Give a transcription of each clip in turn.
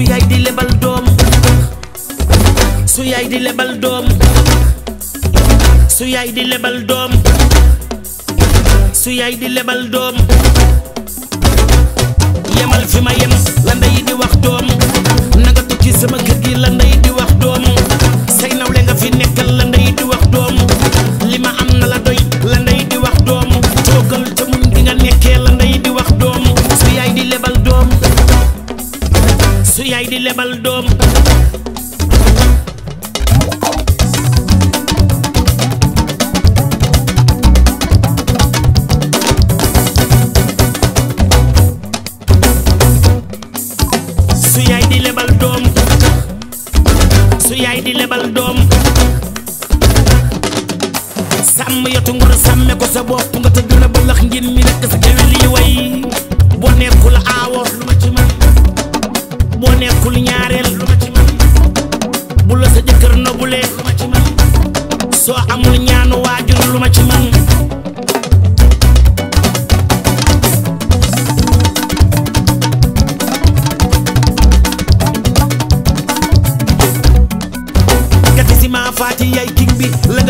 su yaay di lebal doom su yaay di lebal doom su yaay lebal doom su yaay yem su yaay di lebal doom su yaay di lebal doom su yaay di lebal doom ko sa bopp nga tëdd na lax ngin mi nekk sa géwél yi way boo nekkul aawo lu ma ci man boo nekkul ñaareel bu la sa jëkkër nobulee soo amul ñaanu waajur lu ma ci man gati si maa faati yaay king bi la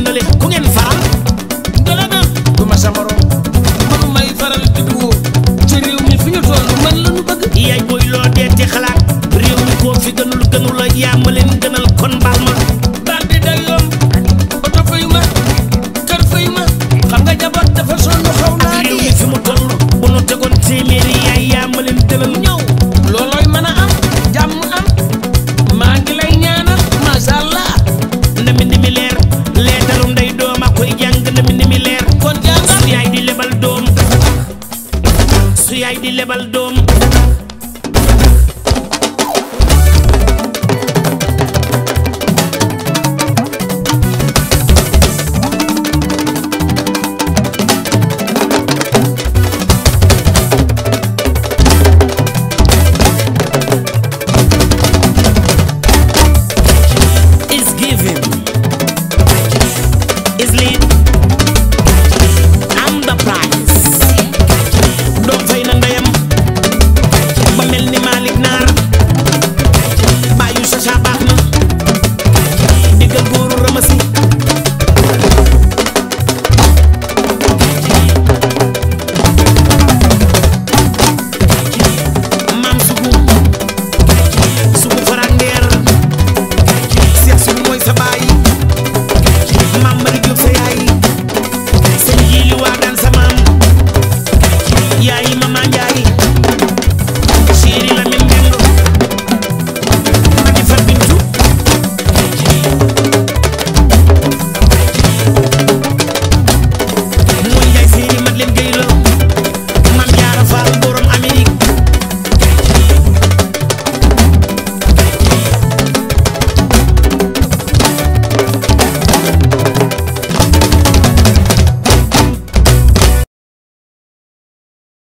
ma leen gënal kon baal ma baal bi delloo oto fayu ma kër fayu ma xam nga jabar dafa sonn xaw naa réew mi fi mu toll bu nu tegoon téeméeri yaay yaa ma leen dëlal ñëw loolooy mën a am jàmm am maa ngi lay ñaanal masha Allah ndami leer leetaru ndey doom a koy jàng ndami ndimi leer su yaay di lebal doom su yaay di lebal doom Isline Enterprise doom fay ndeyam ba mel ni Malick Naar bàyyu sacha baax na diggal góoru ramasi maam sugu sugu farandeer seex sugu mooy sa